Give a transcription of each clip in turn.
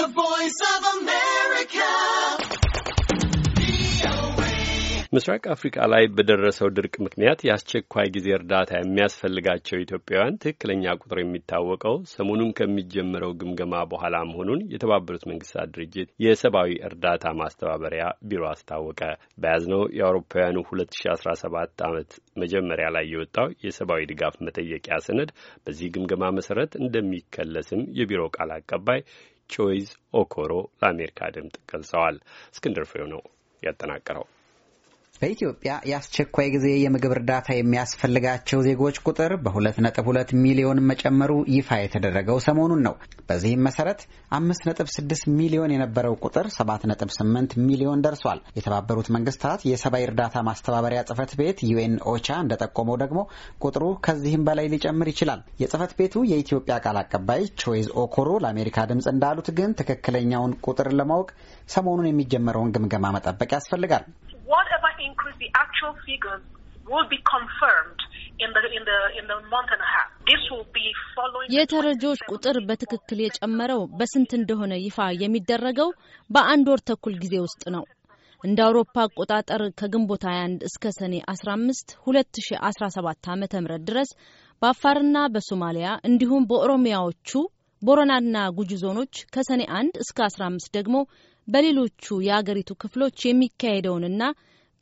The Voice of America. ምስራቅ አፍሪካ ላይ በደረሰው ድርቅ ምክንያት የአስቸኳይ ጊዜ እርዳታ የሚያስፈልጋቸው ኢትዮጵያውያን ትክክለኛ ቁጥር የሚታወቀው ሰሞኑን ከሚጀምረው ግምገማ በኋላ መሆኑን የተባበሩት መንግስታት ድርጅት የሰብአዊ እርዳታ ማስተባበሪያ ቢሮ አስታወቀ። በያዝነው የአውሮፓውያኑ 2017 ዓመት መጀመሪያ ላይ የወጣው የሰብአዊ ድጋፍ መጠየቂያ ሰነድ በዚህ ግምገማ መሰረት እንደሚከለስም የቢሮው ቃል አቀባይ ቾይዝ ኦኮሮ ለአሜሪካ ድምፅ ገልጸዋል። እስክንድር ፍሬው ነው ያጠናቀረው። በኢትዮጵያ የአስቸኳይ ጊዜ የምግብ እርዳታ የሚያስፈልጋቸው ዜጎች ቁጥር በ2.2 ሚሊዮን መጨመሩ ይፋ የተደረገው ሰሞኑን ነው። በዚህም መሰረት 5.6 ሚሊዮን የነበረው ቁጥር 7.8 ሚሊዮን ደርሷል። የተባበሩት መንግስታት የሰብአዊ እርዳታ ማስተባበሪያ ጽህፈት ቤት ዩኤን ኦቻ እንደጠቆመው ደግሞ ቁጥሩ ከዚህም በላይ ሊጨምር ይችላል። የጽህፈት ቤቱ የኢትዮጵያ ቃል አቀባይ ቾይዝ ኦኮሮ ለአሜሪካ ድምፅ እንዳሉት ግን ትክክለኛውን ቁጥር ለማወቅ ሰሞኑን የሚጀመረውን ግምገማ መጠበቅ ያስፈልጋል። whatever increase the actual figures will be confirmed የተረጂዎች ቁጥር በትክክል የጨመረው በስንት እንደሆነ ይፋ የሚደረገው በአንድ ወር ተኩል ጊዜ ውስጥ ነው። እንደ አውሮፓ አቆጣጠር ከግንቦት 21 እስከ ሰኔ 15 2017 ዓ ም ድረስ በአፋርና በሶማሊያ እንዲሁም በኦሮሚያዎቹ ቦረናና ጉጂ ዞኖች ከሰኔ 1 እስከ 15 ደግሞ በሌሎቹ የአገሪቱ ክፍሎች የሚካሄደውንና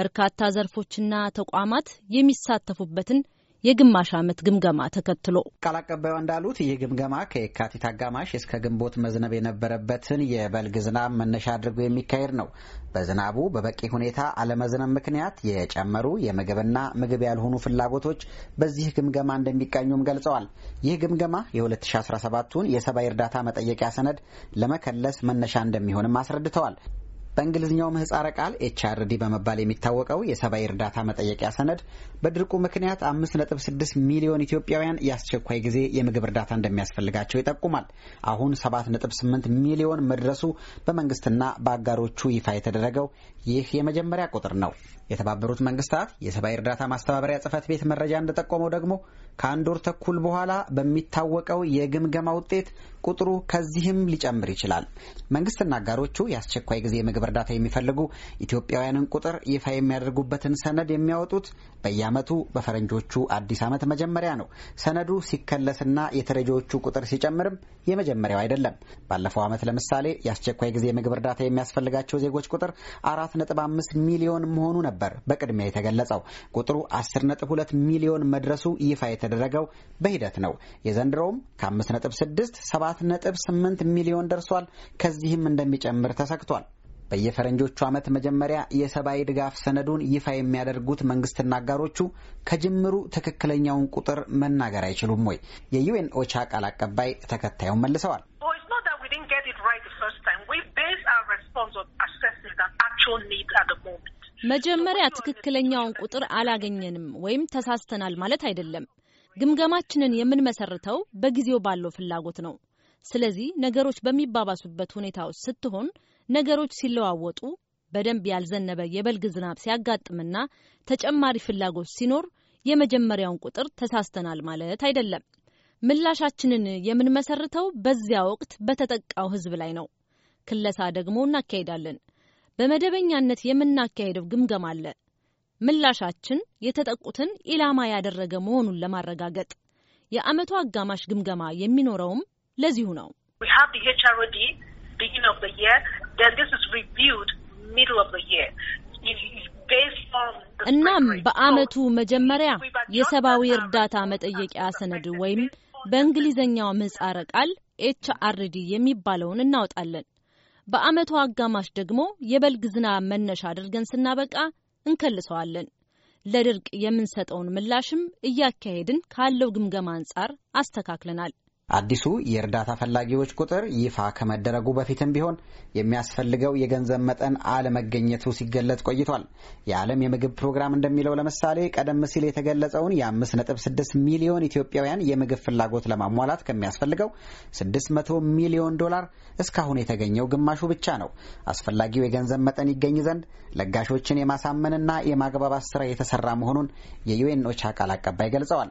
በርካታ ዘርፎችና ተቋማት የሚሳተፉበትን የግማሽ ዓመት ግምገማ ተከትሎ ቃል አቀባዩ እንዳሉት ይህ ግምገማ ከየካቲት አጋማሽ እስከ ግንቦት መዝነብ የነበረበትን የበልግ ዝናብ መነሻ አድርጎ የሚካሄድ ነው። በዝናቡ በበቂ ሁኔታ አለመዝነብ ምክንያት የጨመሩ የምግብና ምግብ ያልሆኑ ፍላጎቶች በዚህ ግምገማ እንደሚቀኙም ገልጸዋል። ይህ ግምገማ የ2017ቱን የሰብአዊ እርዳታ መጠየቂያ ሰነድ ለመከለስ መነሻ እንደሚሆንም አስረድተዋል። በእንግሊዝኛው ምህፃረ ቃል ኤችአርዲ በመባል የሚታወቀው የሰብአዊ እርዳታ መጠየቂያ ሰነድ በድርቁ ምክንያት 5.6 ሚሊዮን ኢትዮጵያውያን የአስቸኳይ ጊዜ የምግብ እርዳታ እንደሚያስፈልጋቸው ይጠቁማል። አሁን 7.8 ሚሊዮን መድረሱ በመንግስትና በአጋሮቹ ይፋ የተደረገው ይህ የመጀመሪያ ቁጥር ነው። የተባበሩት መንግስታት የሰብአዊ እርዳታ ማስተባበሪያ ጽህፈት ቤት መረጃ እንደጠቆመው ደግሞ ከአንድ ወር ተኩል በኋላ በሚታወቀው የግምገማ ውጤት ቁጥሩ ከዚህም ሊጨምር ይችላል። መንግስትና አጋሮቹ የአስቸኳይ ጊዜ የምግብ የምግብ እርዳታ የሚፈልጉ ኢትዮጵያውያንን ቁጥር ይፋ የሚያደርጉበትን ሰነድ የሚያወጡት በየዓመቱ በፈረንጆቹ አዲስ ዓመት መጀመሪያ ነው። ሰነዱ ሲከለስና የተረጂዎቹ ቁጥር ሲጨምርም የመጀመሪያው አይደለም። ባለፈው ዓመት ለምሳሌ የአስቸኳይ ጊዜ የምግብ እርዳታ የሚያስፈልጋቸው ዜጎች ቁጥር አራት ነጥብ አምስት ሚሊዮን መሆኑ ነበር በቅድሚያ የተገለጸው። ቁጥሩ አስር ነጥብ ሁለት ሚሊዮን መድረሱ ይፋ የተደረገው በሂደት ነው። የዘንድሮውም ከአምስት ነጥብ ስድስት ሰባት ነጥብ ስምንት ሚሊዮን ደርሷል። ከዚህም እንደሚጨምር ተሰግቷል። በየፈረንጆቹ ዓመት መጀመሪያ የሰብአዊ ድጋፍ ሰነዱን ይፋ የሚያደርጉት መንግስትና አጋሮቹ ከጅምሩ ትክክለኛውን ቁጥር መናገር አይችሉም ወይ? የዩኤን ኦቻ ቃል አቀባይ ተከታዩን መልሰዋል። መጀመሪያ ትክክለኛውን ቁጥር አላገኘንም ወይም ተሳስተናል ማለት አይደለም። ግምገማችንን የምንመሰርተው በጊዜው ባለው ፍላጎት ነው። ስለዚህ ነገሮች በሚባባሱበት ሁኔታ ውስጥ ስትሆን ነገሮች ሲለዋወጡ በደንብ ያልዘነበ የበልግ ዝናብ ሲያጋጥምና ተጨማሪ ፍላጎት ሲኖር የመጀመሪያውን ቁጥር ተሳስተናል ማለት አይደለም። ምላሻችንን የምንመሰርተው በዚያ ወቅት በተጠቃው ሕዝብ ላይ ነው። ክለሳ ደግሞ እናካሄዳለን። በመደበኛነት የምናካሄደው ግምገማ አለ። ምላሻችን የተጠቁትን ኢላማ ያደረገ መሆኑን ለማረጋገጥ የአመቱ አጋማሽ ግምገማ የሚኖረውም ለዚሁ ነው። እናም በአመቱ መጀመሪያ የሰብአዊ እርዳታ መጠየቂያ ሰነድ ወይም በእንግሊዝኛው ምህጻረ ቃል ኤች አርዲ የሚባለውን እናወጣለን። በአመቱ አጋማሽ ደግሞ የበልግ ዝናብ መነሻ አድርገን ስናበቃ እንከልሰዋለን። ለድርቅ የምንሰጠውን ምላሽም እያካሄድን ካለው ግምገማ አንጻር አስተካክለናል። አዲሱ የእርዳታ ፈላጊዎች ቁጥር ይፋ ከመደረጉ በፊትም ቢሆን የሚያስፈልገው የገንዘብ መጠን አለመገኘቱ ሲገለጽ ቆይቷል። የዓለም የምግብ ፕሮግራም እንደሚለው ለምሳሌ ቀደም ሲል የተገለጸውን የ5.6 ሚሊዮን ኢትዮጵያውያን የምግብ ፍላጎት ለማሟላት ከሚያስፈልገው 600 ሚሊዮን ዶላር እስካሁን የተገኘው ግማሹ ብቻ ነው። አስፈላጊው የገንዘብ መጠን ይገኝ ዘንድ ለጋሾችን የማሳመንና የማግባባት ስራ የተሰራ መሆኑን የዩኤን ኦቻ ቃል አቀባይ ገልጸዋል።